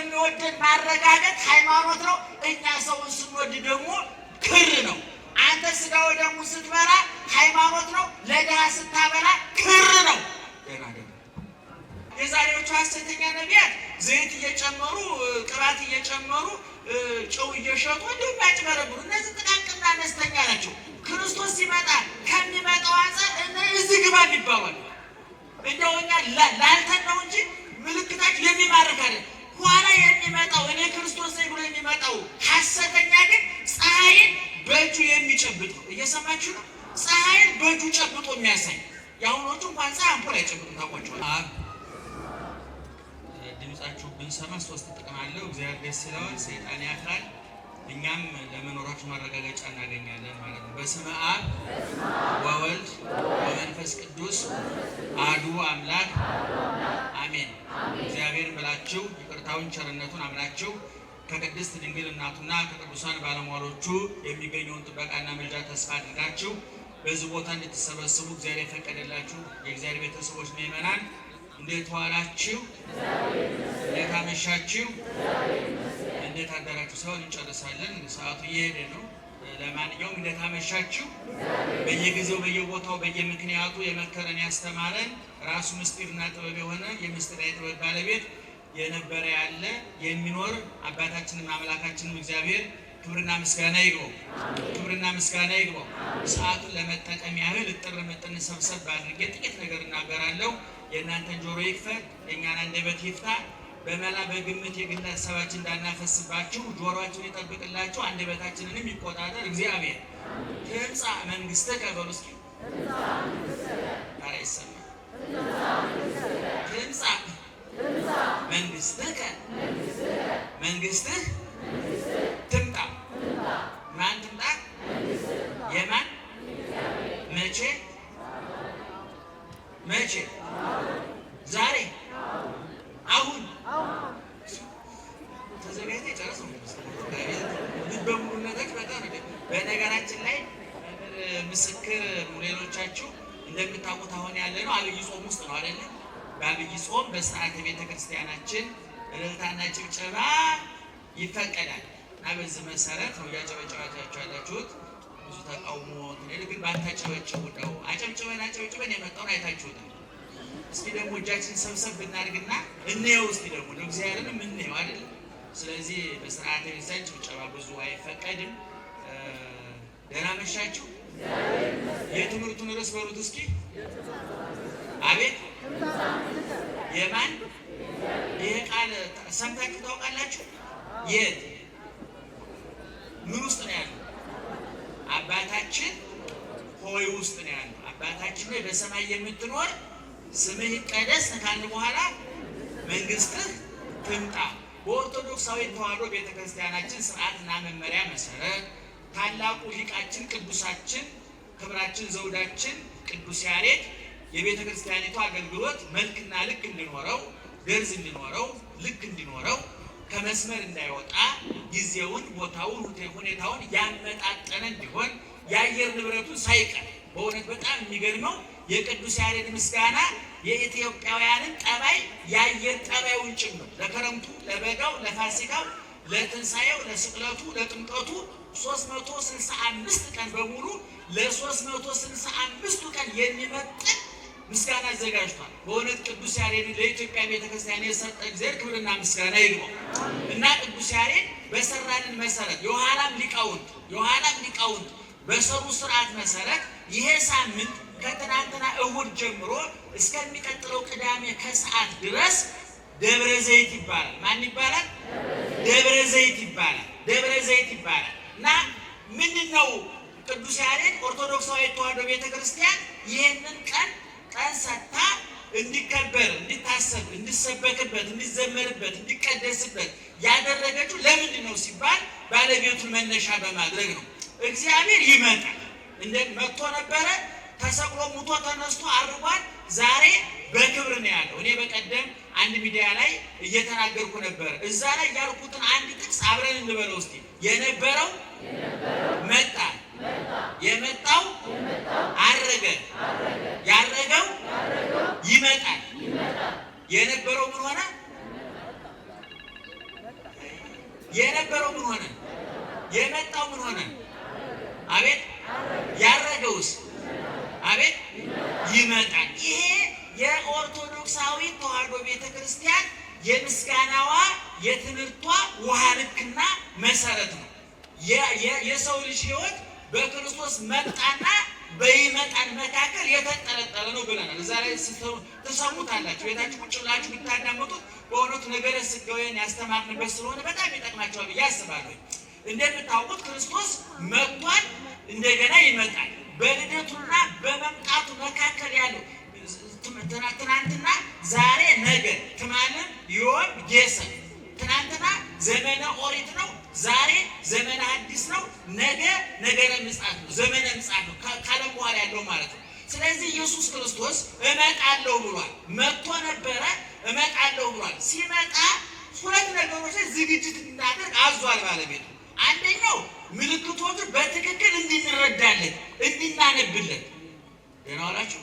የሚወድን ማረጋገጥ ሃይማኖት ነው። እኛ ሰውን ስንወድ ደግሞ ክር ነው። አንተ ስጋ ወደሙ ስትበራ ሃይማኖት ነው። ለድሃ ስታበላ ክር ነው። የዛሬዎቹ ሐሰተኛ ነቢያት ዘይት እየጨመሩ ቅባት እየጨመሩ ጨው እየሸጡ እንዲሁም እንደሚያጭበረብሩ እነዚህ ጥቃቅና አነስተኛ ናቸው። ክርስቶስ ሲመጣ ከሚመጣው አንጻር እነ እዚህ ግባ የሚባሉ እንደው እኛ ላልተን ነው እንጂ ምልክታች የሚማርክ አይደል በኋላ የሚመጣው እኔ ክርስቶስ ብሎ የሚመጣው ሐሰተኛ ግን ፀሐይን በእጁ የሚጨብጠው እየሰማችሁ ነው። ፀሐይን በእጁ ጨብጦ የሚያሳይ የአሁኖቹ እንኳን ፀሐይ አምፖል አይጨብጡም። ታውቋቸዋል። ድምጻችሁ ብንሰማ ሶስት ጥቅም አለው። እግዚአብሔር ደስ ይለዋል፣ ሰይጣን ያፍራል፣ እኛም ለመኖራችሁ ማረጋገጫ እናገኛለን ማለት ነው። በስመ አብ ወወልድ ወመንፈስ ቅዱስ አሐዱ አምላክ አሜን። እግዚአብሔር ብላችሁ መለኮታዊ ቸርነቱን አምናችሁ ከቅድስት ድንግል እናቱና ከቅዱሳን ባለሟሎቹ የሚገኘውን ጥበቃና ምልጃ ተስፋ አድርጋችሁ በዚህ ቦታ እንድትሰበስቡ እግዚአብሔር የፈቀደላችሁ የእግዚአብሔር ቤተሰቦች ምእመናን እንዴት ዋላችሁ? እንዴት አመሻችሁ? እንዴት አደራችሁ? ሰውን እንጨርሳለን፣ ሰዓቱ እየሄደ ነው። ለማንኛውም እንዴት አመሻችሁ? በየጊዜው በየቦታው በየምክንያቱ የመከረን ያስተማረን ራሱ ምስጢርና ጥበብ የሆነ የምስጢር ጥበብ ባለቤት የነበረ ያለ የሚኖር አባታችንም አምላካችንም እግዚአብሔር ክብርና ምስጋና ይግባው። ክብርና ምስጋና ይግባው። ሰዓቱን ለመጠቀም ያህል እጥር ምጥን ሰብሰብ አድርጌ ጥቂት ነገር እናገራለሁ። የእናንተን ጆሮ ይክፈት፣ የእኛን አንደበት ይፍታ። በመላ በግምት የግል ሀሳባችን እንዳናፈስባችሁ ጆሮአችን ይጠብቅላችሁ፣ አንደበታችንንም ይቆጣጠር እግዚአብሔር። ትምጻ መንግሥትከ በውስኪ ራ ይሰማል መንግስትከ መንግስትህ ትምጣ። ማን ትምጣ? የማን መቼ? መቼ? ዛሬ፣ አሁን በሙሉነቶች በጣም በነገራችን ላይ ምስክር ሌሎቻችሁ እንደምታውቁት አሁን ያለ ነው አብይ ጾም ውስጥ ነው አይደለም በአብይ ጾም በስርዓተ ቤተ ክርስቲያናችን እልልታና ጭብጨባ ይፈቀዳል እና በዚህ መሰረት ነው እያጨበጨባችሁ ያላችሁት። ብዙ ተቃውሞ ትልል ግን ባታጨበጭቡ ነው። አጨብጭበን አጨብጭበን የመጣውን አይታችሁታል። እስኪ ደግሞ እጃችን ሰብሰብ ብናድርግና እንየው። እስኪ ደግሞ ለእግዚአብሔርንም እንየው አይደለም። ስለዚህ በስርዓተ ቤተሰብ ጭብጨባ ብዙ አይፈቀድም። ደህና መሻችሁ። የትምህርቱን ርዕስ በሩት እስኪ አቤት የማን ይሄ ቃል ሰምታችሁ ታውቃላችሁ? የት ምን ውስጥ ነው ያለው? አባታችን ሆይ ውስጥ ነው ያለው። አባታችን ሆይ በሰማይ የምትኖር ስምህ ይቀደስ ካልን በኋላ መንግስትህ ትምጣ። በኦርቶዶክሳዊ ተዋህዶ ቤተክርስቲያናችን ስርዓትና መመሪያ መሰረት ታላቁ ሊቃችን ቅዱሳችን ክብራችን ዘውዳችን ቅዱስ ያሬድ የቤተ ክርስቲያኒቱ አገልግሎት መልክና ልክ እንዲኖረው፣ ደርዝ እንዲኖረው፣ ልክ እንዲኖረው ከመስመር እንዳይወጣ ጊዜውን፣ ቦታውን፣ ሁኔታውን ያመጣጠነ እንዲሆን የአየር ንብረቱ ሳይቀር በእውነት በጣም የሚገርመው የቅዱስ ያሬድ ምስጋና የኢትዮጵያውያንን ጠባይ የአየር ጠባዩን ጭምር ለክረምቱ፣ ለበጋው፣ ለፋሲካው፣ ለትንሣኤው፣ ለስቅለቱ፣ ለጥምቀቱ 365 ቀን በሙሉ ለ365ቱ ቀን የሚመጥን ምስጋና አዘጋጅቷል። በእውነት ቅዱስ ያሬድን ለኢትዮጵያ ቤተክርስቲያን የሰጠ እግዚአብሔር ክብርና ምስጋና ይግባው እና ቅዱስ ያሬድ በሰራንን መሰረት የኋላም ሊቃውንት የኋላም ሊቃውንት በሰሩ ስርዓት መሰረት ይሄ ሳምንት ከትናንትና እሁድ ጀምሮ እስከሚቀጥለው ቅዳሜ ከሰዓት ድረስ ደብረ ዘይት ይባላል። ማን ይባላል? ደብረ ዘይት ይባላል። ደብረ ዘይት ይባላል እና ምንድን ነው ቅዱስ ያሬድ ኦርቶዶክሳዊ ተዋሕዶ ቤተክርስቲያን ይህንን ቀን ቀን ሰጥታ እንዲከበር፣ እንዲታሰብ፣ እንዲሰበክበት፣ እንዲዘመርበት፣ እንዲቀደስበት ያደረገችው ለምንድን ነው ሲባል ባለቤቱን መነሻ በማድረግ ነው። እግዚአብሔር ይመጣል እንደ መጥቶ ነበረ ተሰቅሎ ሙቶ ተነስቶ አርጓል። ዛሬ በክብር ነው ያለው። እኔ በቀደም አንድ ሚዲያ ላይ እየተናገርኩ ነበረ። እዛ ላይ ያልኩትን አንድ ጥቅስ አብረን እንበለው እስኪ የነበረው መጣ የመጣው አረገ፣ ያረገው ይመጣል። የነበረው ምን ሆነ? የነበረው ምን ሆነ? የመጣው ምን ሆነ? አቤት ያረገውስ? አቤት ይመጣል። ይሄ የኦርቶዶክሳዊ ተዋህዶ ቤተ ክርስቲያን የምስጋናዋ የትምህርቷ ውሃ ልክና መሰረት ነው። የሰው ልጅ ሕይወት በክርስቶስ መጣና በይመጣን መካከል የተንጠለጠለ ነው ብለናል። እዛ ላይ ትሰሙታላችሁ። ቤታችሁ ቁጭ ብላችሁ ብታዳምጡት በእውነቱ ነገረ ሥጋዌን ያስተማርንበት ስለሆነ በጣም ይጠቅማቸዋል ብዬ አስባለሁ። እንደምታውቁት ክርስቶስ መጥቷል፣ እንደገና ይመጣል። በልደቱና በመምጣቱ መካከል ያለው ትናንትና፣ ዛሬ፣ ነገ፣ ትማልም፣ ዮም፣ ጌሰ ትናንትና ዘመነ ኦሪት ነው ዘመነ አዲስ ነው። ነገ ነገረ ምጽአት ነው። ዘመነ ምጽአት ነው፣ ከዓለም በኋላ ያለው ማለት ነው። ስለዚህ ኢየሱስ ክርስቶስ እመጣለሁ ብሏል። መጥቶ ነበረ፣ እመጣለሁ ብሏል። ሲመጣ ሁለት ነገሮች ዝግጅት እንዳደርግ አዟል ባለቤቱ። አንደኛው ምልክቶቹ በትክክል እንድንረዳለን፣ እንድናነብለን። ደህና ዋላችሁ።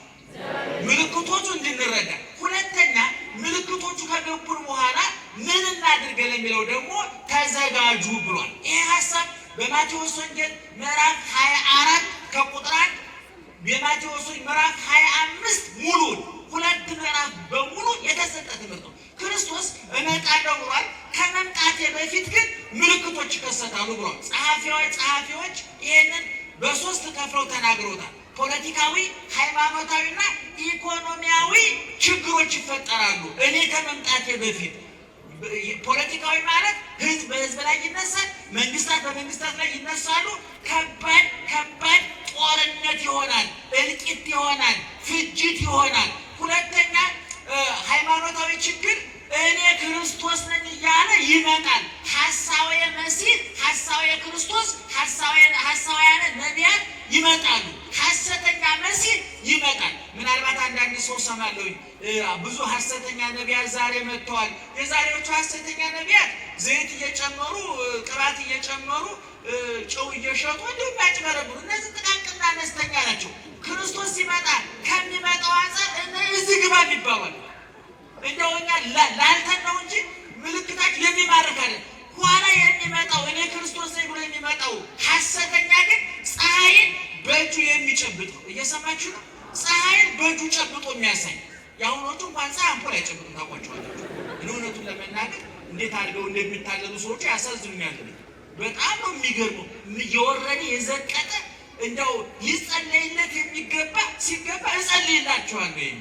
ምልክቶቹ እንድንረዳ። ሁለተኛ ምልክቶቹ ከገቡን በኋላ ምን እናድርግ ለሚለው ደግሞ ተዘጋጁ ብሏል። ይህ ሀሳብ በማቴዎስ ወንጌል ምዕራፍ 24 ከቁጥር አንድ የማቴዎስ ምዕራፍ 25 ሙሉን ሁለት ምዕራፍ በሙሉ የተሰጠ ትምህርት ነው። ክርስቶስ እመጣለሁ ብሏል። ከመምጣቴ በፊት ግን ምልክቶች ይከሰታሉ ብሏል። ጸሐፊዎች ጸሐፊዎች ይህንን በሶስት ከፍለው ተናግረውታል። ፖለቲካዊ፣ ሃይማኖታዊና ኢኮኖሚያዊ ችግሮች ይፈጠራሉ። እኔ ከመምጣቴ በፊት ፖለቲካዊ ማለት ህዝብ በህዝብ ላይ ይነሳል፣ መንግስታት በመንግስታት ላይ ይነሳሉ። ከባድ ከባድ ጦርነት ይሆናል፣ እልቂት ይሆናል፣ ፍጅት ይሆናል። ሁለተኛ ሃይማኖታዊ ችግር እኔ ክርስቶስ ነኝ እያለ ይመጣል። ሀሳዊ መሲህ፣ ሀሳዊ ክርስቶስ፣ ሀሳውያነ ነቢያት ይመጣሉ። ሀሰተኛ መሲህ ይመጣል። ምናልባት አንዳንድ ሰው ሰማለሁ፣ ብዙ ሀሰተኛ ነቢያት ዛሬ መጥተዋል። የዛሬዎቹ ሀሰተኛ ነቢያት ዘይት እየጨመሩ ቅባት እየጨመሩ ጨው እየሸጡ እንዲሁም ያጭበረብሩ። እነዚህ ጥቃቅና አነስተኛ ናቸው። ክርስቶስ ይመጣል። ከሚመጣው አንጻር እነ እዚህ ግባ ይባባል ለአንተን ነው እንጂ ምልክታችሁ የሚማርክ አለ። ኋላ የሚመጣው እኔ ክርስቶስ ነኝ ብሎ የሚመጣው ሐሰተኛ ግን ፀሐይን በእጁ የሚጨብጠው እየሰማችሁ ነው። ፀሐይን በእጁ ጨብጦ የሚያሳይ የአሁኖቹ እንኳን ፀሐይ አምፖል አይጨብጡም። ታውቋቸዋላችሁ። ግን እውነቱን ለመናገር እንዴት አድርገው እንደሚታገሉ ሰዎቹ ያሳዝኑኛል። በጣም ነው የሚገርመው። እየወረደ የዘቀጠ እንደው ይጸለይለት የሚገባ ሲገባ እጸልይላችኋለሁ የሚል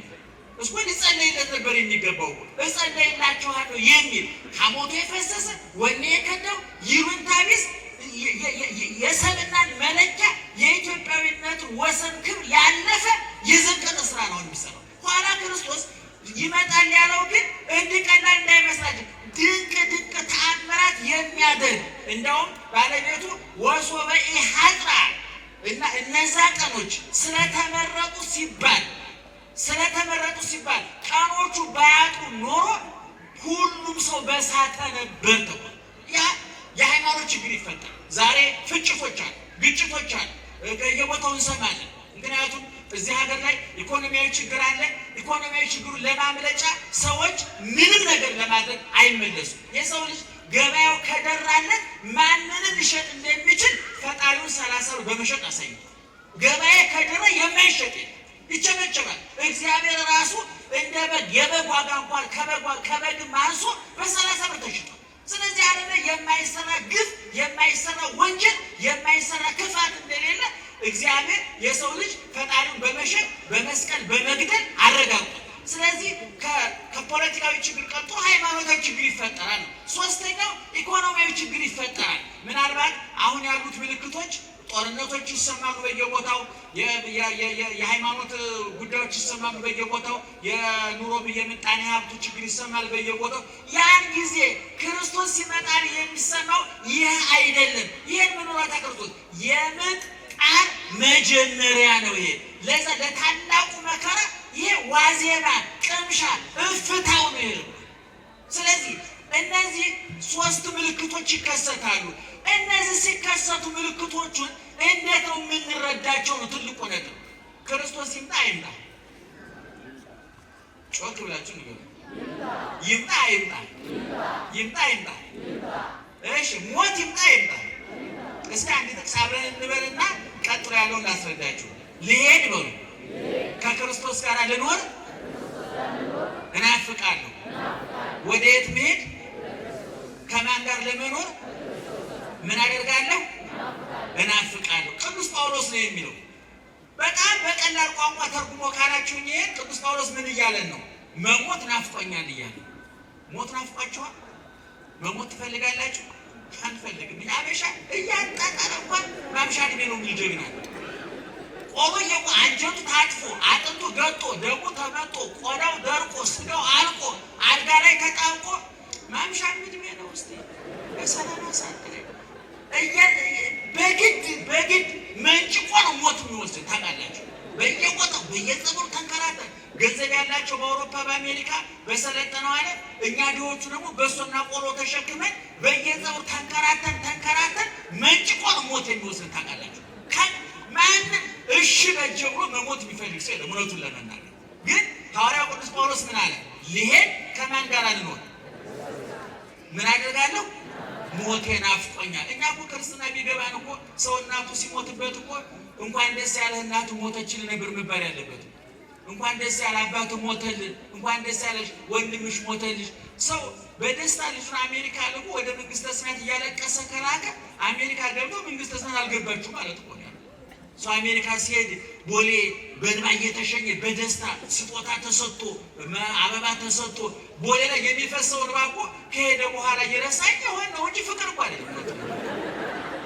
እኮ ሊጸለይለት ነበር የሚገባው። እጸለይላችኋለሁ የሚል ታቦቱ የፈሰሰ ወኔ የከዳው ይሁንታ ቢስ የሰብናን መለኪያ የኢትዮጵያዊነትን ወሰን ክብር ያለፈ የዘቀጠ ስራ ነው የሚሰራው። ኋላ ክርስቶስ ይመጣል ያለው ግን እንዲቀና እንዳይመስላችሁ ድንቅ ድንቅ ተአምራት የሚያደርግ እንደውም ባለቤቱ ወሶበ ኢሐጥራ እና እነዛ ቀኖች ስለተመረጡ ሲባል ስለተመረጡ ሲባል ቀኖቹ ባያጡ ኖሮ ሁሉም ሰው በሳተ ነበር። ያ የሃይማኖት ችግር ይፈጠራል ዛሬ ፍጭቶች አሉ፣ ግጭቶች አሉ፣ የቦታው እንሰማለን። ምክንያቱም እዚህ ሀገር ላይ ኢኮኖሚያዊ ችግር አለ። ኢኮኖሚያዊ ችግሩ ለማምለጫ ሰዎች ምንም ነገር ለማድረግ አይመለሱም። የሰው ልጅ ገበያው ከደራለት ማንንም ሊሸጥ እንደሚችል ፈጣሪውን ሰላሳ በመሸጥ አሳይቷል። ገበያ ከደረ የማይሸጥ ይቸመቸማል። እግዚአብሔር ራሱ እንደ በግ የበግ ዋጋ እንኳን ከበግ አንሶ በሰላሳ ብር ተሽጧል። ስለዚህ አለ የማይሰራ ግፍ፣ የማይሰራ ወንጀል፣ የማይሰራ ክፋት እንደሌለ እግዚአብሔር የሰው ልጅ ፈጣሪውን በመሸጥ በመስቀል በመግደል አረጋግጧል። ስለዚህ ከፖለቲካዊ ችግር ቀጥሎ ሃይማኖታዊ ችግር ይፈጠራል። ሶስተኛው ኢኮኖሚያዊ ችግር ይፈጠራል። ምናልባት አሁን ያሉት ምልክቶች ጦርነቶች ይሰማሉ በየቦታው፣ የሃይማኖት ጉዳዮች ይሰማሉ በየቦታው፣ የኑሮ የምጣኔ ሀብቱ ችግር ይሰማል በየቦታው። ያን ጊዜ ክርስቶስ ሲመጣ የሚሰማው ይህ አይደለም። ይህን ምንራት ክርስቶስ የመጣን መጀመሪያ ነው። ይሄ ለዛ ለታላቁ መከራ ይሄ ዋዜማ ቅምሻ እፍታው ነው። ስለዚህ እነዚህ ሶስት ምልክቶች ይከሰታሉ። እነዚህ ሲከሰቱ ምልክቶቹን እንዴት ነው የምንረዳቸው? ነው ትልቁ ነገር። ክርስቶስ ይምጣ ይምጣ፣ ጮክ ብላችሁ ንገሩ። ይምጣ ይምጣ ይምጣ ይምጣ እሺ ሞት ይምጣ ይምጣ። እስኪ አንድ ጥቅስ አብረን እንበልና ቀጥሎ ያለውን ላስረዳችሁ። ልሄድ በሉ፣ ከክርስቶስ ጋር ልኖር እናፍቃለሁ። ወደ የት መሄድ? ከማን ጋር ለመኖር ምን አደርጋለሁ? እናፍቃለሁ። ቅዱስ ጳውሎስ ነው የሚለው። በጣም በቀላል ቋንቋ ተርጉሞ ካላችሁ ይሄን ቅዱስ ጳውሎስ ምን እያለን ነው? መሞት ናፍቆኛል እያለ ሞት ናፍቋቸዋል። መሞት ትፈልጋላችሁ? አንፈልግም። አበሻ እያጣጣረ እንኳን ማምሻ ዕድሜ ነው የሚል ጀግና ቆሎ የቁ አንጀቱ ታጥፎ አጥንቱ ገጦ ደሙ ተመጦ ቆዳው ደርቆ ስጋው አልቆ አልጋ ላይ ተጣብቆ ማምሻ ዕድሜ ነው ስ በሰላም አሳድረ በግድ በግድ መንጭቆ ነው ሞት የሚወስድ ታውቃላችሁ። በየቦታው በየጸጉር ተንከራተን ገንዘብ ያላቸው በአውሮፓ በአሜሪካ በሰለጠነው ዓለም እኛ ድሆቹ ደግሞ በሶና ቆሎ ተሸክመን በየጸጉር ተንከራተን ተንከራተን መንጭቆ ነው ሞት የሚወስድ ታውቃላችሁ። ማንም እሺ በጀ ብሎ መሞት የሚፈልግ ሰው የለም። እውነቱን ለመናገር ግን ሐዋርያው ቅዱስ ጳውሎስ ምን አለ? ልሄድ ከማን ጋር ልኖር ምን አደርጋለሁ ሞቴ ናፍቆኛል። እኛ እኮ ክርስትና ቢገባን እኮ ሰው እናቱ ሲሞትበት እኮ እንኳን ደስ ያለ እናት ሞተችልን ነበር መባል ያለበት እንኳን ደስ ያለ አባት ሞተልን፣ እንኳን ደስ ያለሽ ወንድምሽ ሞተልሽ። ሰው በደስታ ልጁን አሜሪካ ልኮ ወደ መንግስተ ሰማያት እያለቀሰ ከላከ አሜሪካ ገብቶ መንግስተ ሰማያት አልገባችሁ ማለት ነው። ሰው አሜሪካ ሲሄድ ቦሌ በእንባ እየተሸኘ በደስታ ስጦታ ተሰጥቶ አበባ ተሰጥቶ ቦሌ ላይ የሚፈሰው እንባ እኮ ከሄደ በኋላ እየረሳኝ የሆን ነው እንጂ ፍቅር እኮ አይደለም።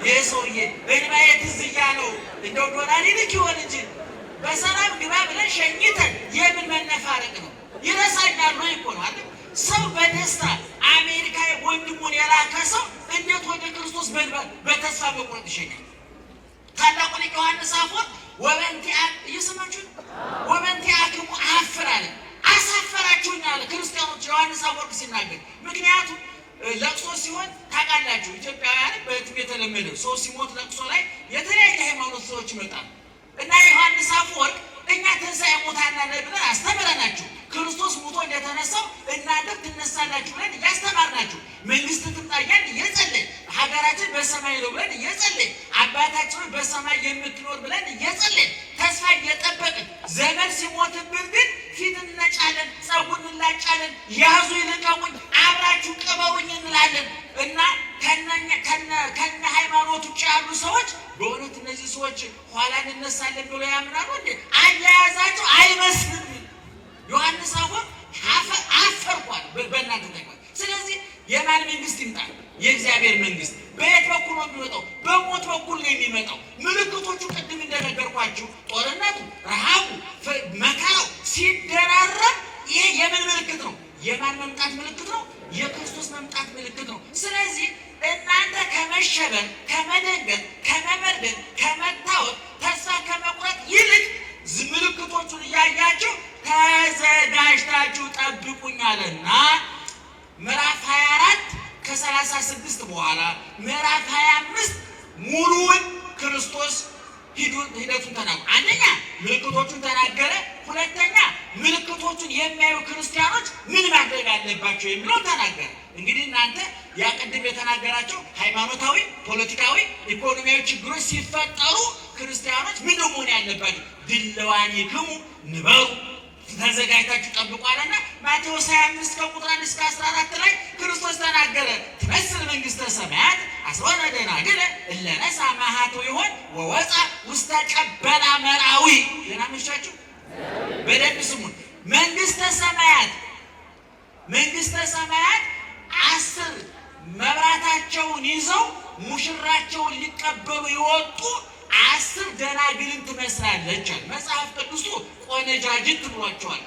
ይህ ሰውዬ እንባ የትዝ እያለው እንደው ዶላር ይልክ ይሆን እንጂ በሰላም ግባ ብለን ሸኝተን የምን መነፋረቅ ነው? ይረሳኛል ነው እኮ ነው አለ ሰው በደስታ አሜሪካ ወንድሙን የላከ ሰው እንዴት ወደ ክርስቶስ በተስፋ መቁረጥ ይሸኛል? ታላቁ ሊቅ ዮሐንስ አፈወርቅ ወበእንቲአ እየሰማችሁ ወበእንቲአክሙ አሐፍር አለ። አሳፈራችሁኝ ክርስቲያኖች፣ ዮሐንስ አፈወርቅ ሲናገር ምክንያቱም ለቅሶ ሲሆን ታውቃላችሁ፣ ኢትዮጵያውያን በህትም የተለመደ ሰው ሲሞት ለቅሶ ላይ የተለያየ ሃይማኖት ሰዎች ይመጣሉ እና ዮሐንስ አፈወርቅ እኛ ትንሣኤ ሙታን አለ ብለን አስተምረናችሁ ክርስቶስ ሙቶ እንደተነሳው እናንተም ትነሳላችሁ ብለን እያስተማርናችሁ መንግስት ትምጣ እያልን ሀገራችን በሰማይ ነው ብለን እየጸለይ አባታችን በሰማይ የምትኖር ብለን እየጸለይ ተስፋ እየጠበቅን ዘመን ሲሞትብን ግን ፊት እንነጫለን፣ ጸጉር እንላጫለን፣ ያዙ ይልቀቁኝ፣ አብራችሁ ቅበሩኝ እንላለን እና ከነ ሃይማኖት ውጭ ያሉ ሰዎች በእውነት እነዚህ ሰዎች ኋላ እንነሳለን ብሎ ያምናሉ እንዴ? አያያዛቸው አይመስልም። ዮሐንስ አሁን አፈርኳል በእናንተ ስለዚህ የማን መንግስት ይምጣል? የእግዚአብሔር መንግስት። በየት በኩል ነው የሚመጣው? በሞት በኩል ነው የሚመጣው። ምልክቶቹ ቅድም እንደነገርኳችሁ ጦርነቱ፣ ረሃቡ፣ መከራው ሲደራረብ ይሄ የምን ምልክት ነው? የማን መምጣት ምልክት ነው? የክርስቶስ መምጣት ምልክት ነው። ስለዚህ እናንተ ከመሸበር፣ ከመደንገጥ፣ ከመበርደን፣ ከመታወቅ፣ ተስፋ ከመቁረጥ ይልቅ ምልክቶቹን እያያችሁ ተዘጋጅታችሁ ጠብቁኛልና ምዕራፍ 24 ከ36 በኋላ ምዕራፍ 25 ሙሉውን ክርስቶስ ሂደቱን ተናገረ። አንደኛ ምልክቶቹን ተናገረ። ሁለተኛ ምልክቶቹን የሚያዩ ክርስቲያኖች ምን ማድረግ አለባቸው የሚለውን ተናገረ። እንግዲህ እናንተ ያ ቅድም የተናገራቸው ሃይማኖታዊ፣ ፖለቲካዊ፣ ኢኮኖሚያዊ ችግሮች ሲፈጠሩ ክርስቲያኖች ምን መሆን ያለባቸው ድለዋኒ ንበሩ ተዘጋጅታችሁ ጠብቁ አለና ማቴዎስ 25 ከቁጥር 1 እስከ 14 ላይ ክርስቶስ ተናገረ። ትመስል መንግስተ ሰማያት አስሮነ ደናግል እለ ነሳ ማሃቱ ይሆን ወወፃ ውስተ ቀበላ መራዊ ለናምሻችሁ በደንብ ስሙን። መንግስተ ሰማያት መንግስተ ሰማያት አስር መብራታቸውን ይዘው ሙሽራቸውን ሊቀበሉ ይወጡ አስር ደናግልን ትመስላለች አለ መጽሐፍ ቅዱሱ። ቆነጃጅት ብሏቸዋል።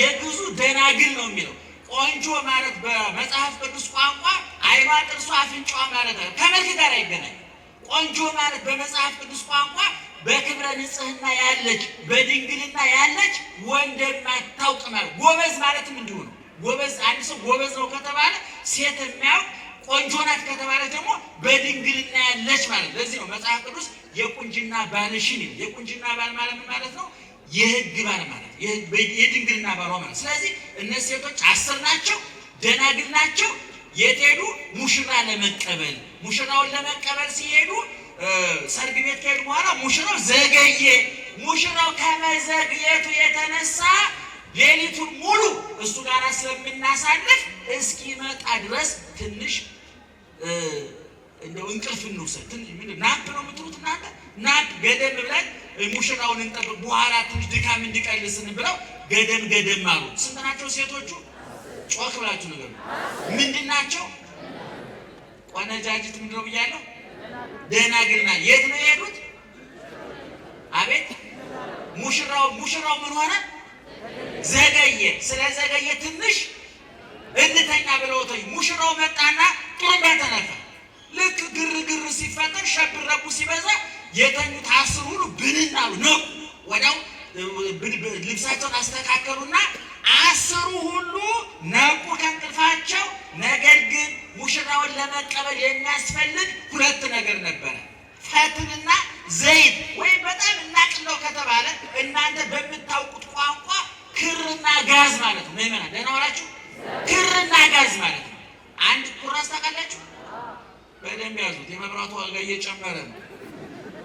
የግዙ ደናግል ነው የሚለው ቆንጆ ማለት በመጽሐፍ ቅዱስ ቋንቋ አይኗ፣ ጥርሷ፣ አፍንጫዋ ማለት ነው። ከመልክ ጋር አይገናኝ። ቆንጆ ማለት በመጽሐፍ ቅዱስ ቋንቋ በክብረ ንጽህና ያለች በድንግልና ያለች ወንደማታውቅ ማለት ጎበዝ ማለትም እንዲሁ ነው። ጎበዝ አንድ ሰው ጎበዝ ነው ከተባለ ሴት የሚያውቅ ቆንጆ ናት ከተባለች ደግሞ በድንግልና ያለች ማለት። ለዚህ ነው መጽሐፍ ቅዱስ የቁንጅና ባልሽን ይል። የቁንጅና ባል ማለት ማለት ነው የህግ ባል ማለት የድንግልና ባል ማለት። ስለዚህ እነዚህ ሴቶች አስር ናቸው፣ ደናግል ናቸው። የትሄዱ ሙሽራ ለመቀበል ሙሽራውን ለመቀበል ሲሄዱ ሰርግ ቤት ከሄዱ በኋላ ሙሽራው ዘገየ። ሙሽራው ከመዘግየቱ የተነሳ ሌሊቱን ሙሉ እሱ ጋር ስለምናሳልፍ እስኪመጣ ድረስ ትንሽ እንደው እንቅልፍ እንውሰድ ትንሽ ምን ናት ነው የምትሉት እናንተ ናት ገደም ብለን ሙሽራውን እንጠብቅ በኋላ ትንሽ ድካም እንዲቀልስን ብለው ገደም ገደም አሉ ስንት ናቸው ሴቶቹ ጮክ ብላችሁ ነገር ምንድን ናቸው ቆነጃጅት ምንድነው ብያለሁ ደናግልና የት ነው የሄዱት አቤት ሙሽራው ሙሽራው ምን ሆነ ዘገየ ስለዘገየ ትንሽ እንተኛ ብለው ተኙ ሙሽራው መጣና ሲሸብረቁ ሲበዛ የተኙት አስር ሁሉ ብንን አሉ ነው ወዲያው ልብሳቸውን አስተካከሉና አስሩ ሁሉ ነቁ ከእንቅልፋቸው። ነገር ግን ሙሽራውን ለመቀበል የሚያስፈልግ ሁለት ነገር ነበረ፣ ፈትንና ዘይት። ወይም በጣም እናቅለው ከተባለ እናንተ በምታውቁት ቋንቋ ክርና ጋዝ ማለት ነው። ይመናል ደህና ዋላችሁ። ክርና ጋዝ ማለት ነው። አንድ ኩራዝ ታውቃላችሁ በደንብ ያዙት። የመብራቱ ዋጋ እየጨመረ ነው።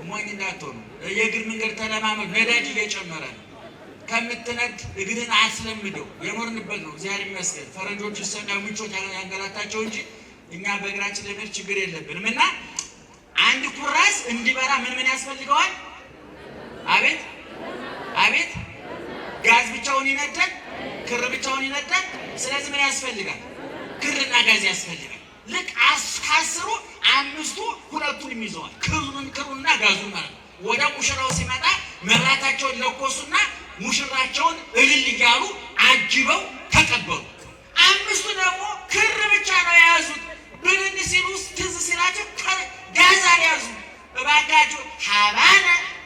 ሞኝ እንዳትሆኑ። የእግር መንገድ ተለማመድ። ነዳጅ እየጨመረ ነው። ከምትነድ እግርን አስለምደው። የኖርንበት ነው። እግዚአብሔር ይመስገን። ፈረንጆች ሰዳ ምቾት ያንገላታቸው እንጂ እኛ በእግራችን ለመሄድ ችግር የለብንም። እና አንድ ኩራዝ እንዲበራ ምን ምን ያስፈልገዋል? አቤት አቤት! ጋዝ ብቻውን ይነዳል? ክር ብቻውን ይነዳል? ስለዚህ ምን ያስፈልጋል? ክርና ጋዝ ያስፈልጋል። ልክ አስካስሩ አምስቱ ሁለቱን ይዘዋል። ክሩን ክሩና ጋዙ ማለት ነው። ወደ ሙሽራው ሲመጣ መራታቸውን ለኮሱና ሙሽራቸውን እልል እያሉ አጅበው ተቀበሉ። አምስቱ ደግሞ ክር ብቻ ነው የያዙት። ብልን ሲሉ ትዝ ሲላቸው ጋዛ ያዙ። እባካችሁ ሀባነ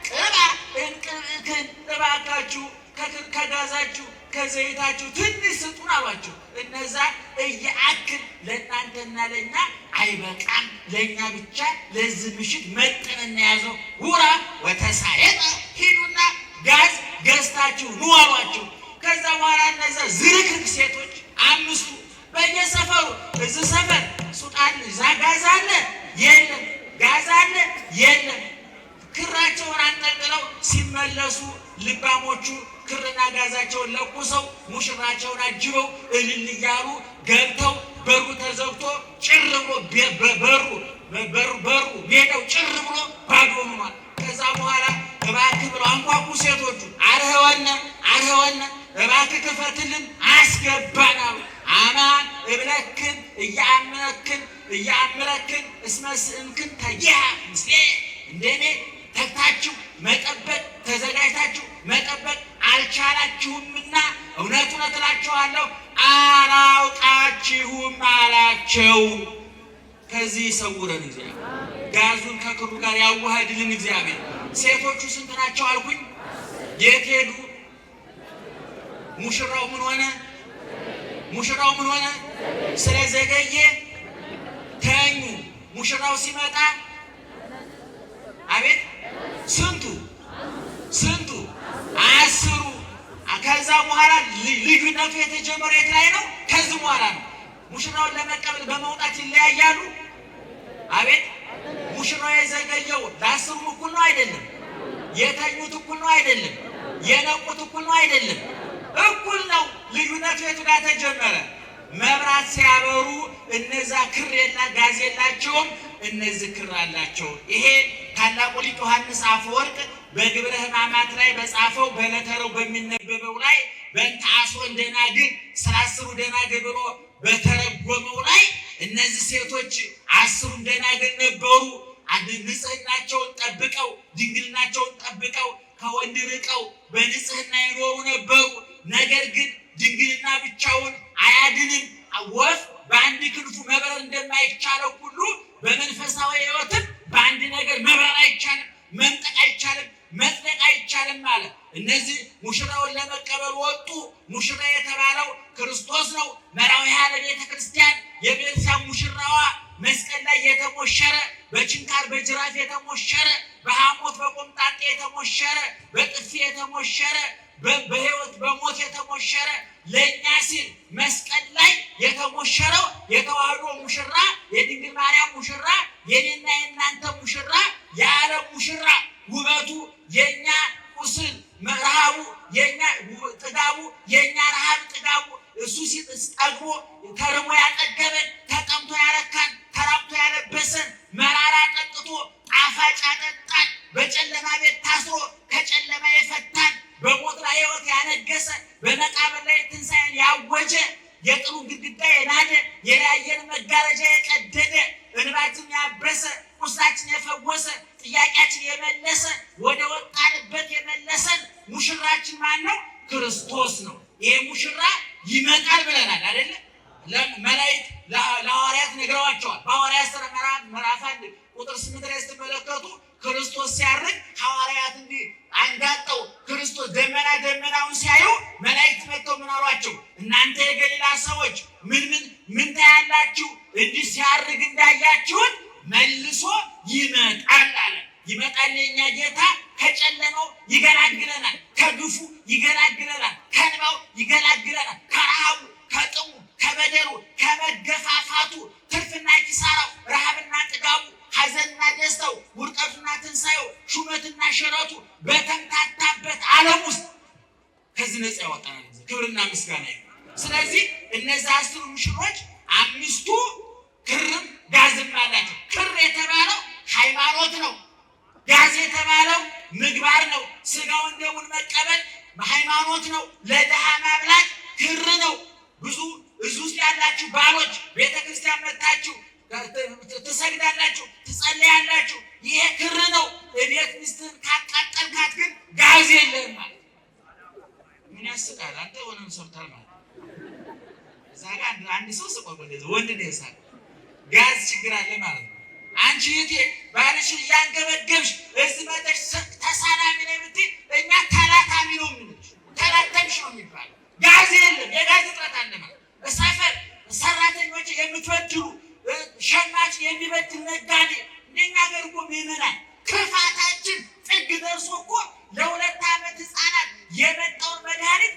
ቅባ እንቅብክን እባካችሁ ከጋዛችሁ ከዘይታችሁ ትንሽ ስጡን አሏቸው። እነዛ እየአክል ለእናንተና ለእኛ አይበቃም፣ ለእኛ ብቻ ለዚህ ምሽት መጠን እናያዘው። ውራ ወተሳየጠ ሂዱና ጋዝ ገዝታችሁ ኑ አሏቸው። ከዛ በኋላ እነዛ ዝርክርክ ሴቶች አምስቱ በየሰፈሩ እዚ ሰፈር ሱጣን እዛ ጋዝ አለ የለም፣ ጋዝ አለ የለም። ክራቸውን አንጠልጥለው ሲመለሱ ልባሞቹ ክርና ጋዛቸውን ለኩሰው ሙሽራቸውን አጅበው እልል እያሉ ገብተው በሩ ተዘግቶ ጭር ብሎ በሩ በሩ በሩ ሜዳው ጭር ብሎ ባዶ ሆኗል። ከዛ በኋላ እባክህ ብለው አንኳኩ ሴቶቹ አርህወነ አርህወነ እባክህ ክፈትልን አስገባናሉ። አማን እብለክን እያምረክን እያምረክን እስመስእምክን ተያ ምስሌ እንደኔ ተግታችሁ መጠበቅ ተዘጋጅታችሁ መጠበቅ አልቻላችሁምና እውነቱን እላችኋለሁ አላውቃችሁም አላቸው። ከዚህ ይሰውረን እግዚአብሔር፣ ጋዙን ከክሩ ጋር ያዋህድልን እግዚአብሔር። ሴቶቹ ስንት ናቸው አልኩኝ? የት ሄዱ? ሙሽራው ምን ሆነ? ሙሽራው ምን ሆነ? ስለዘገየ ተኙ። ሙሽራው ሲመጣ አቤት ስንቱ ስንቱ አስሩ። ከዛ በኋላ ልዩነቱ የተጀመረ የት ላይ ነው? ከዚህ በኋላ ነው። ሙሽራውን ለመቀበል በመውጣት ይለያያሉ። አቤት ሙሽራው የዘገየው ለአስሩም እኩል ነው አይደለም? የተኙት እኩል ነው አይደለም? የነቁት እኩል ነው አይደለም? እኩል ነው። ልዩነቱ የቱ ጋር ተጀመረ? መብራት ሲያበሩ እነዛ ክር ጋዝ የላቸውም፣ እነዚህ ክር አላቸው። ይሄ ታላቁ ሊቅ ዮሐንስ አፈወርቅ በግብረ ሕማማት ላይ በጻፈው በለተረው በሚነበበው ላይ በእንተ አስሮ ደናግል ስለ አስሩ ደናግል ብሎ በተረጎመው ላይ እነዚህ ሴቶች አስሩ ደናግል ነበሩ። ንጽህናቸውን ጠብቀው ድንግልናቸውን ጠብቀው ከወንድ ርቀው በንጽህና ይኖሩ ነበሩ። ነገር ግን ድንግልና ብቻውን አያድንም። ወፍ በአንድ ክንፉ መብረር እንደማይቻለው ሁሉ በመንፈሳዊ ሕይወትም በአንድ ነገር መብረር አይቻልም፣ መንጠቅ አይቻልም፣ መጽደቅ አይቻልም ማለት እነዚህ ሙሽራውን ለመቀበል ወጡ። ሙሽራ የተባለው ክርስቶስ ነው። ያለ ቤተ ክርስቲያን የቤተሰብ ሙሽራዋ መስቀል ላይ የተሞሸረ በችንካር በጅራፍ የተሞሸረ በሐሞት በቆምጣጤ የተሞሸረ በጥፊ የተሞሸረ በህይወት በሞት የተሞሸረ ለእኛ ሲል መስቀል ላይ የተሞሸረው የተዋህዶ ሙሽራ፣ የድንግል ማርያም ሙሽራ፣ የኔና የእናንተ ሙሽራ፣ የዓለም ሙሽራ ውበቱ የእኛ ቁስል ረሃቡ፣ የእኛ ጥጋቡ፣ የእኛ ረሃብ ጥጋቡ እሱ ሲጠግቦ ተርቦ ያጠገበን፣ ተጠምቶ ያረካን፣ ተራብቶ ያለበሰን፣ መራራ ጠጥቶ ጣፋጭ ያጠጣን፣ በጨለማ ቤት ታስሮ ከጨለማ የፈታን በሞት ላይ ሕይወት ያነገሰ በመቃብር ላይ ትንሣኤን ያወጀ የጥሩ ግድግዳ የናደ የራየን መጋረጃ የቀደደ እንባችን ያበሰ ቁስላችን የፈወሰ ጥያቄያችን የመለሰ ወደ ወጣንበት የመለሰን ሙሽራችን ማን ነው? ክርስቶስ ነው። ይሄ ሙሽራ ይመጣል ብለናል አይደለ? መላእክት ለሐዋርያት ነግረዋቸዋል። በሐዋርያት ሥራ ምዕራፍ አንድ ቁጥር ስምንት ላይ ስትመለከቱ ክርስቶስ ሲያርግ ሐዋርያት እንዲህ አንጋጠው ክርስቶስ ደመና ደመናውን ሲያዩ መላእክት መጥተው ምን አሏቸው? እናንተ የገሊላ ሰዎች ምን ምን ምን ታያላችሁ? እንዲህ ሲያርግ እንዳያችሁት መልሶ ይመጣል አለ። ይመጣል የኛ ጌታ ከጨለመው ይገላግለናል፣ ከግፉ ይገላግለናል፣ ከንባው ይገላግለናል፣ ከረሃቡ፣ ከጥሙ፣ ከበደሩ፣ ከመገፋፋቱ ትርፍና ኪሳራው፣ ረሃብና ጥጋቡ ሐዘንና ደስታው፣ ውድቀቱና ትንሣኤው፣ ሹመትና ሽረቱ በተምታታበት ዓለም ውስጥ ከዚህ ነፃ ያወጣናል። ክብርና ምስጋና ይ ስለዚህ እነዚ አስሩ ምሽሮች አምስቱ ክርም ጋዝም አላቸው። ክር የተባለው ሃይማኖት ነው። ጋዝ የተባለው ምግባር ነው። ስጋውን ደሙን መቀበል በሃይማኖት ነው። ለድሃ ማብላት ክር ነው። ብዙ እዚህ ውስጥ ያላችሁ ባሎች ቤተክርስቲያን መታችሁ ትሰግዳላችሁ፣ ትጸለያላችሁ። ይሄ ክር ነው። እቤት ሚስትህን ካቃጠልካት ግን ጋዝ የለህም ማለት ምን ያስቃል? አንተ የሆነም ሰብታል ማለት እዛ ጋ አንድ ሰው ስቆ ወንድ ነው ጋዝ ችግር አለ ማለት ነው። አንቺ እህቴ ባልሽን እያንገበገብሽ እዚህ መጠሽ ተሳላሚ ነው የምትይ፣ እኛ ተላታሚ ነው የምንልሽ። ተላተምሽ ነው የሚባለው። ጋዝ የለም፣ የጋዝ እጥረት አለ ማለት ሰፈር ሰራተኞች የምትወድሉ ሸማች የሚበድል ነጋዴ እንደኛ አገር እኮ ምዕመናን ክፋታችን ጥግ ደርሶ እኮ ለሁለት ዓመት ህፃናት የመጣውን መድኃኒት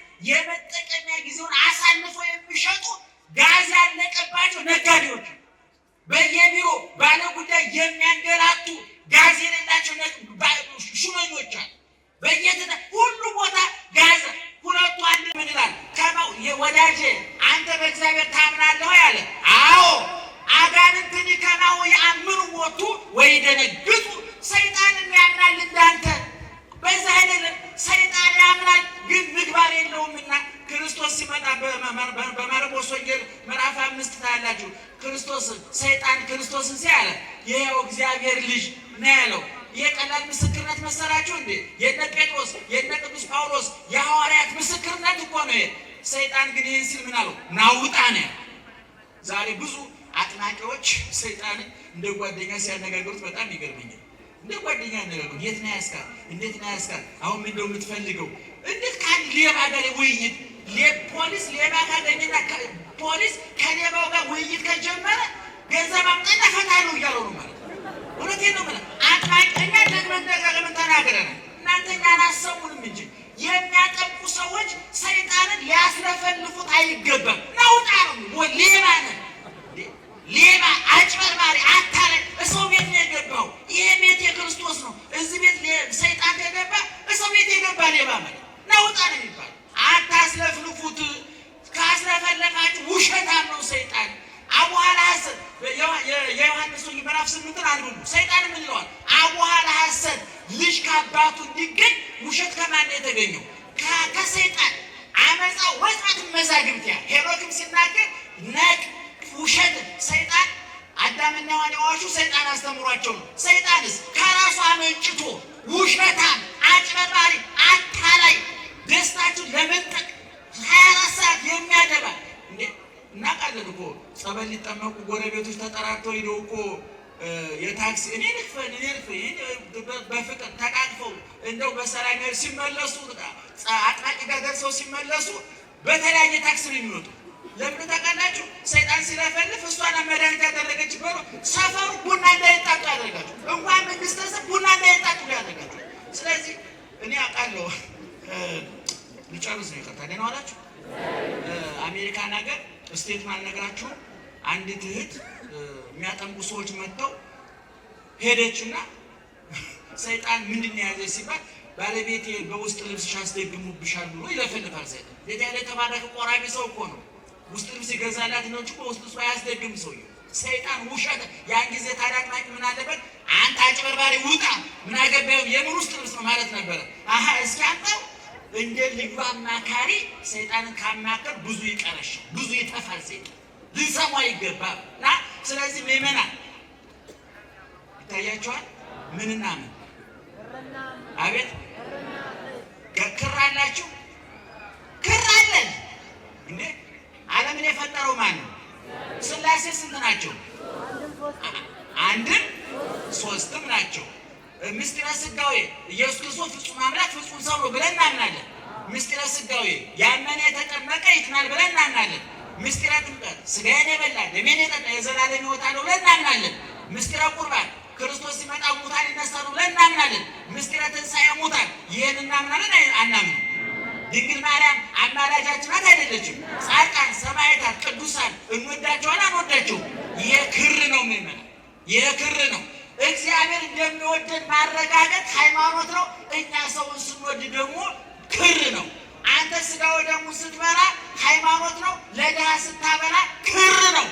ነው ናውጣ ነው። ዛሬ ብዙ አጥናቂዎች ሰይጣንን እንደ ጓደኛ ሲያነጋግሩት በጣም ይገርመኛል። እንደ ጓደኛ ያነጋግሩ የት ነው ያስካል? እንዴት ነው ያስካል? አሁን ምንድነው የምትፈልገው? እንዴት ካል ሌባ ጋር ውይይት ፖሊስ ሌባ ካገኘና ፖሊስ ከሌባው ጋር ውይይት ከጀመረ ገንዘብ አምጣና ፈታ እያለው ነው ማለት እውነቴን ነው ማለት አጥናቂና ደግመን ደጋግመን ተናግረናል። እናንተኛ አላሰሙንም እንጂ የሚያጠቁ ሰዎች ሰይጣንን ያስረፈልፉት አይገባም። ነውጣ ነው፣ ሌባ ነው፣ ሌባ አጭበርባሪ፣ አታላይ እሰው ቤት ነው የገባው። ይሄ ቤት የክርስቶስ ነው። እዚህ ቤት ሰይጣን ከገባ እሰው ቤት የገባ ሌባ ማለት ነውጣ ነው የሚባል። አታስለፍልፉት፣ ካስለፈለፋችሁ ውሸታም ነው ሰይጣን አቡሃለ ሐሰት የዮሐንስ ምዕራፍ ስምንትን አንብቡ። ሰይጣን ምን ይለዋል? አቡሃለ ልጅ ከአባቱ እንዲገኝ ውሸት ከማን ነው የተገኘው? ከሰይጣን አመፃ ወጥመት መዛግብት ያ ሄኖክም ሲናገር ነቅ ውሸት ሰይጣን አዳምና ሔዋን የዋሹ ሰይጣን አስተምሯቸው ነው። ሰይጣንስ ከራሱ አመንጭቶ ውሸታም፣ አጭበርባሪ፣ አታላይ ደስታችን ለመንጠቅ ሀያ አራት ሰዓት የሚያደባ እናቃለን እኮ ጸበል ሊጠመቁ ጎረቤቶች ተጠራርተው ሄደው እኮ የታክሲ እኔ ልክፈል እኔ ልክፈል በፍቅር ተቃቅፈው እንደው በሰላም ሲመለሱ አጥማቂ ጋር ደርሰው ሲመለሱ በተለያየ ታክሲ ነው የሚወጡ። ለምን ታውቃላችሁ? ሰይጣን ሲለፈልፍ እሷን መድኃኒት ያደረገች በሩ ሰፈሩ ቡና እንዳይጣጡ ያደርጋችሁ። እንኳን መንግስት ቡና እንዳይጣጡ ያደርጋችሁ። ስለዚህ እኔ አውቃለሁ። ልጨርስ ነው ይቀርታል። ደህና ዋላችሁ። አሜሪካን ሀገር ስቴት ማነግራችሁን አንዲት እህት የሚያጠምቁ ሰዎች መጥተው ሄደችና ሰይጣን ምንድን ነው ሲባል ባለቤቴ በውስጥ ልብስ ሻስደግሙብሻል ብሎ ይለፈልፋል። ሰይጣን ቤት ያለ የተባረከ ቆራቢ ሰው እኮ ነው። ውስጥ ልብስ ይገዛላት ነው እንጂ በውስጥ ልብስ አያስደግም ሰውዬው። ሰይጣን ውሸት። ያን ጊዜ ታዲያ አጥማቂ ምን አለበት? አንተ አጭበርባሪ ውጣ፣ ምን አገባዩ የምን ውስጥ ልብስ ነው ማለት ነበረ። አሀ እስኪ አንተው እንደ ልዩ አማካሪ ሰይጣንን ካማከር ብዙ ይቀረሻል፣ ብዙ ይጠፋል። ሰይጣን ልንሰማ ይገባል። እና ስለዚህ ምመና ይታያቸዋል። ምንና ምን አቤት ክር አላችሁ? ክር አለን እንዴ! ዓለምን የፈጠረው ማን ነው? ስላሴ ስንት ናቸው? አንድም ሶስትም ናቸው። ምስጢረ ስጋዌ ኢየሱስ ክርስቶስ ፍጹም አምላክ ፍጹም ሰው ነው ብለን እናምናለን። ምስጢረ ስጋዌ ያመነ የተጠመቀ ይትናል ብለን እናምናለን። ምስጢረ ጥምቀት ስጋዬን የበላ ደሜን የጠጣ የዘላለም ሕይወት አለው ብለን እናምናለን። ምስጢረ ቁርባን ክርስቶስ ሲመጣ ሙታን ይነሳሉ ብለን እናምናለን። ምስጢረ ትንሣኤ ሙታን ይህን እናምናለን አናምን ድንግል ማርያም አማላጃችን ናት አይደለችም? ጻድቃን፣ ሰማዕታት፣ ቅዱሳን እንወዳቸዋል አንወዳቸው? ይሄ ክር ነው የሚመጣ ይሄ ክር ነው እግዚአብሔር እንደሚወደድ ማረጋገጥ ሃይማኖት ነው። እኛ ሰውን ስንወድ ደግሞ ክር ነው። አንተ ስጋ ወደሙ ስትበላ ሃይማኖት ነው። ለድሃ ስታበላ ክር ነው።